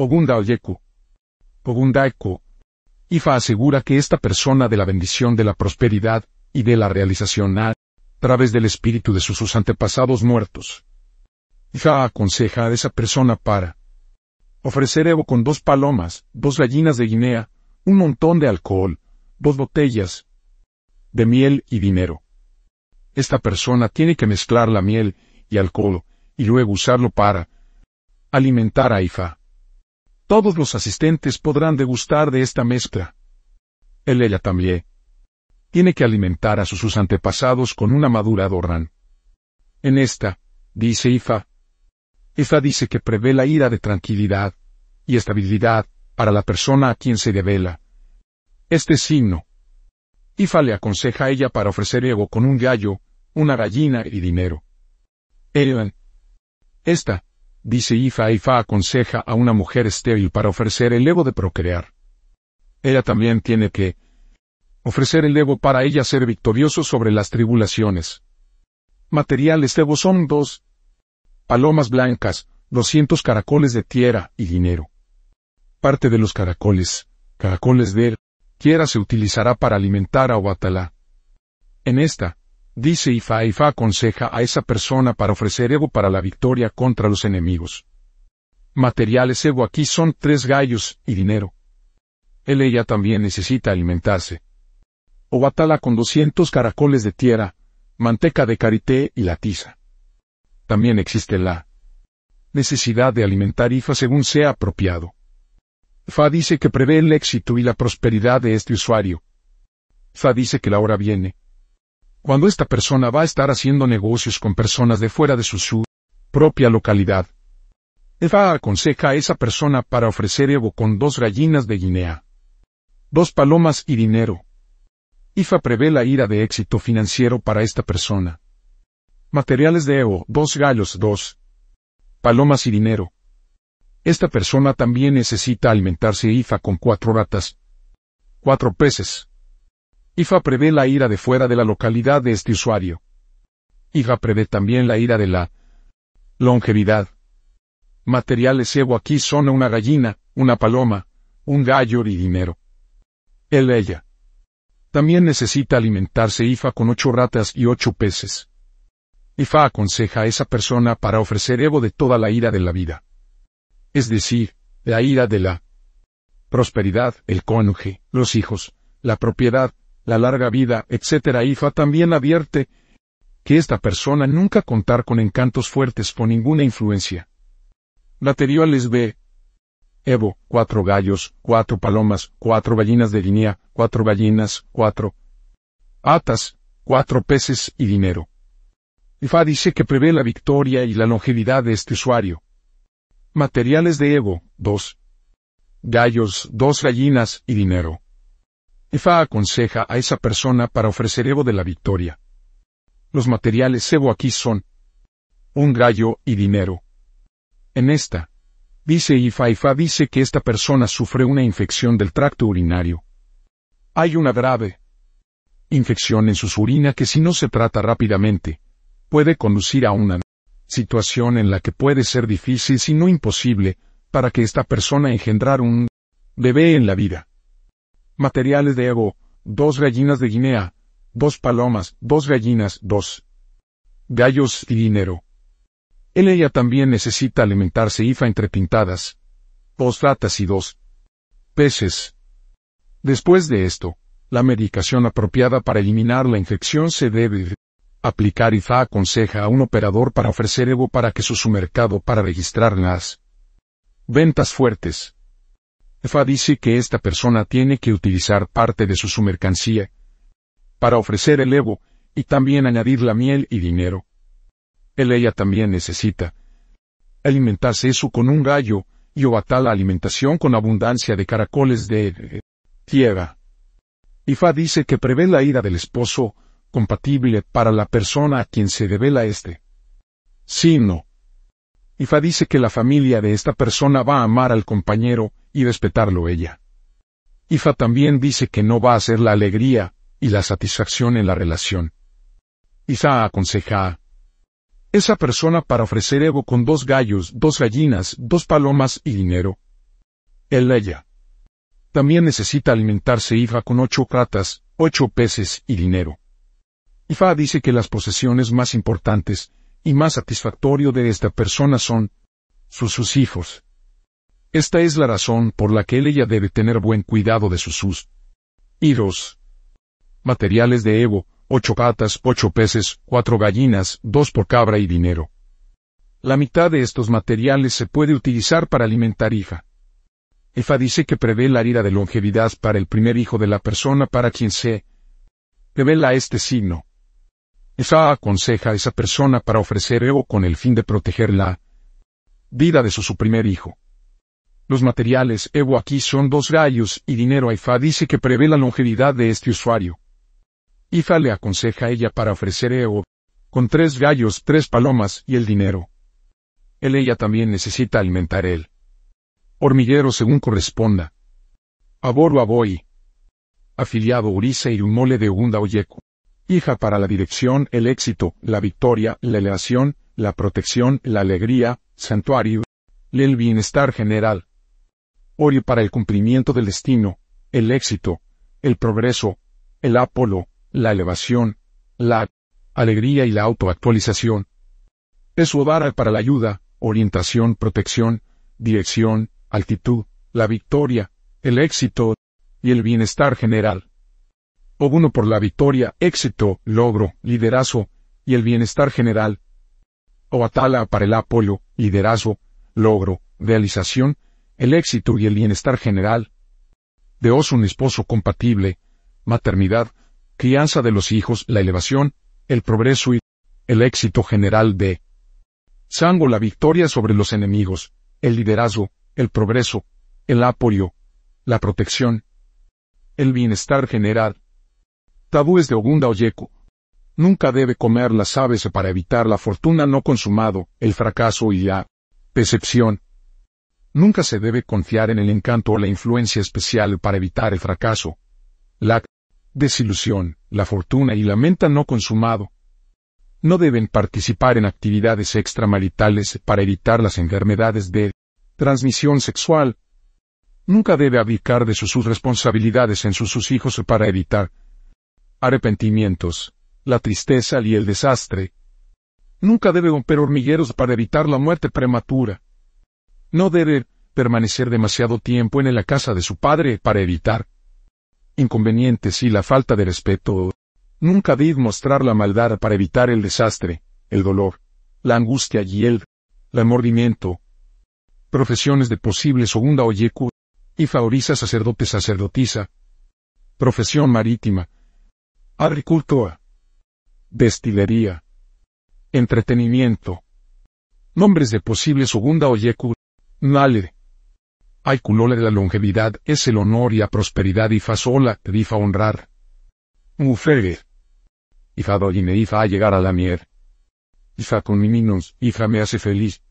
Ogunda Oyeku. Ogunda Ifa asegura que esta persona de la bendición de la prosperidad y de la realización a través del espíritu de sus, antepasados muertos. Ifa aconseja a esa persona para ofrecer Evo con dos palomas, dos gallinas de Guinea, un montón de alcohol, dos botellas de miel y dinero. Esta persona tiene que mezclar la miel y alcohol y luego usarlo para alimentar a Ifa. Todos los asistentes podrán degustar de esta mezcla. El ella también. Tiene que alimentar a sus, antepasados con una madura adornan. En esta, dice Ifa. Ifa dice que prevé la ira de tranquilidad y estabilidad para la persona a quien se devela. Este signo. Ifa le aconseja a ella para ofrecer ego con un gallo, una gallina y dinero. ella. Esta, dice Ifa Ifa aconseja a una mujer estéril para ofrecer el ego de procrear. Ella también tiene que ofrecer el ego para ella ser victorioso sobre las tribulaciones. Materiales de son dos palomas blancas, 200 caracoles de tierra y dinero. Parte de los caracoles, caracoles de quiera se utilizará para alimentar a Obatala. En esta Dice Ifa, Ifa aconseja a esa persona para ofrecer ego para la victoria contra los enemigos. Materiales ego aquí son tres gallos y dinero. Él ella también necesita alimentarse. O batala con doscientos caracoles de tierra, manteca de karité y la tiza. También existe la necesidad de alimentar IFA según sea apropiado. Fa dice que prevé el éxito y la prosperidad de este usuario. Fa dice que la hora viene, cuando esta persona va a estar haciendo negocios con personas de fuera de su, su propia localidad, Eva aconseja a esa persona para ofrecer Evo con dos gallinas de Guinea, dos palomas y dinero. IFA prevé la ira de éxito financiero para esta persona. Materiales de Evo, dos gallos, dos palomas y dinero. Esta persona también necesita alimentarse IFA con cuatro ratas, cuatro peces, Ifa prevé la ira de fuera de la localidad de este usuario. Ifa prevé también la ira de la longevidad. Materiales Evo aquí son una gallina, una paloma, un gallo y dinero. Él ella. También necesita alimentarse Ifa con ocho ratas y ocho peces. Ifa aconseja a esa persona para ofrecer Evo de toda la ira de la vida. Es decir, la ira de la prosperidad, el cónyuge, los hijos, la propiedad, la larga vida, etc. IFA también advierte que esta persona nunca contar con encantos fuertes por ninguna influencia. Materiales ve Evo, cuatro gallos, cuatro palomas, cuatro gallinas de línea, cuatro gallinas, cuatro atas, cuatro peces y dinero. IFA dice que prevé la victoria y la longevidad de este usuario. Materiales de Evo, dos Gallos, dos gallinas y dinero. Efa aconseja a esa persona para ofrecer Evo de la victoria. Los materiales Evo aquí son un gallo y dinero. En esta, dice Ifa Ifa dice que esta persona sufre una infección del tracto urinario. Hay una grave infección en sus urina que si no se trata rápidamente, puede conducir a una situación en la que puede ser difícil si no imposible, para que esta persona engendrar un bebé en la vida. Materiales de Evo, dos gallinas de Guinea, dos palomas, dos gallinas, dos gallos y dinero. Él ella también necesita alimentarse IFA entre pintadas. Dos ratas y dos peces. Después de esto, la medicación apropiada para eliminar la infección se debe aplicar IFA aconseja a un operador para ofrecer Evo para que su mercado para registrar las ventas fuertes. Ifa dice que esta persona tiene que utilizar parte de su, mercancía para ofrecer el Evo y también añadir la miel y dinero. Él ella también necesita alimentarse eso con un gallo y a la alimentación con abundancia de caracoles de tierra. Ifa dice que prevé la ira del esposo, compatible para la persona a quien se devela este. no. Ifa dice que la familia de esta persona va a amar al compañero, y respetarlo ella. Ifa también dice que no va a ser la alegría y la satisfacción en la relación. ISA aconseja a esa persona para ofrecer ego con dos gallos, dos gallinas, dos palomas y dinero. Él ella. También necesita alimentarse Ifa con ocho cratas, ocho peces y dinero. Ifa dice que las posesiones más importantes y más satisfactorio de esta persona son sus, sus hijos, esta es la razón por la que él ella debe tener buen cuidado de sus sus Iros. Materiales de Evo, ocho patas, ocho peces, cuatro gallinas, dos por cabra y dinero. La mitad de estos materiales se puede utilizar para alimentar hija. Efa dice que prevé la ira de longevidad para el primer hijo de la persona para quien se revela este signo. Esa aconseja a esa persona para ofrecer Evo con el fin de proteger la vida de su, su primer hijo. Los materiales Evo aquí son dos gallos y dinero AIFA dice que prevé la longevidad de este usuario. IFA le aconseja a ella para ofrecer Evo, con tres gallos, tres palomas y el dinero. Él ella también necesita alimentar él. Hormiguero según corresponda. Aboro Boy. Afiliado Urisa y un mole de Ugunda Oyeco. Hija para la dirección, el éxito, la victoria, la elevación, la protección, la alegría, santuario, el bienestar general ore para el cumplimiento del destino, el éxito, el progreso, el apolo, la elevación, la alegría y la autoactualización. Es vara para la ayuda, orientación, protección, dirección, altitud, la victoria, el éxito y el bienestar general. O uno por la victoria, éxito, logro, liderazgo y el bienestar general. O Atala para el apolo, liderazgo, logro, realización el éxito y el bienestar general. Deos un esposo compatible, maternidad, crianza de los hijos, la elevación, el progreso y el éxito general de Sango la victoria sobre los enemigos, el liderazgo, el progreso, el apoyo, la protección, el bienestar general. Tabúes de Ogunda oyeko Nunca debe comer las aves para evitar la fortuna no consumado, el fracaso y la decepción. Nunca se debe confiar en el encanto o la influencia especial para evitar el fracaso. La desilusión, la fortuna y la menta no consumado. No deben participar en actividades extramaritales para evitar las enfermedades de transmisión sexual. Nunca debe abdicar de sus, responsabilidades en sus, sus hijos para evitar arrepentimientos, la tristeza y el desastre. Nunca debe romper hormigueros para evitar la muerte prematura. No debe permanecer demasiado tiempo en la casa de su padre para evitar inconvenientes y la falta de respeto. Nunca debe mostrar la maldad para evitar el desastre, el dolor, la angustia y el, el mordimiento. Profesiones de posible segunda oyeku y favoriza sacerdote sacerdotisa. Profesión marítima. Agricultura. Destilería. Entretenimiento. Nombres de posible segunda oyeku Nale. Ay culole de la longevidad es el honor y la prosperidad y fasola, difa honrar. Mufeger. Ifa doyine ifa llegar a la mier. Ifa con mi minos, ifa me hace feliz,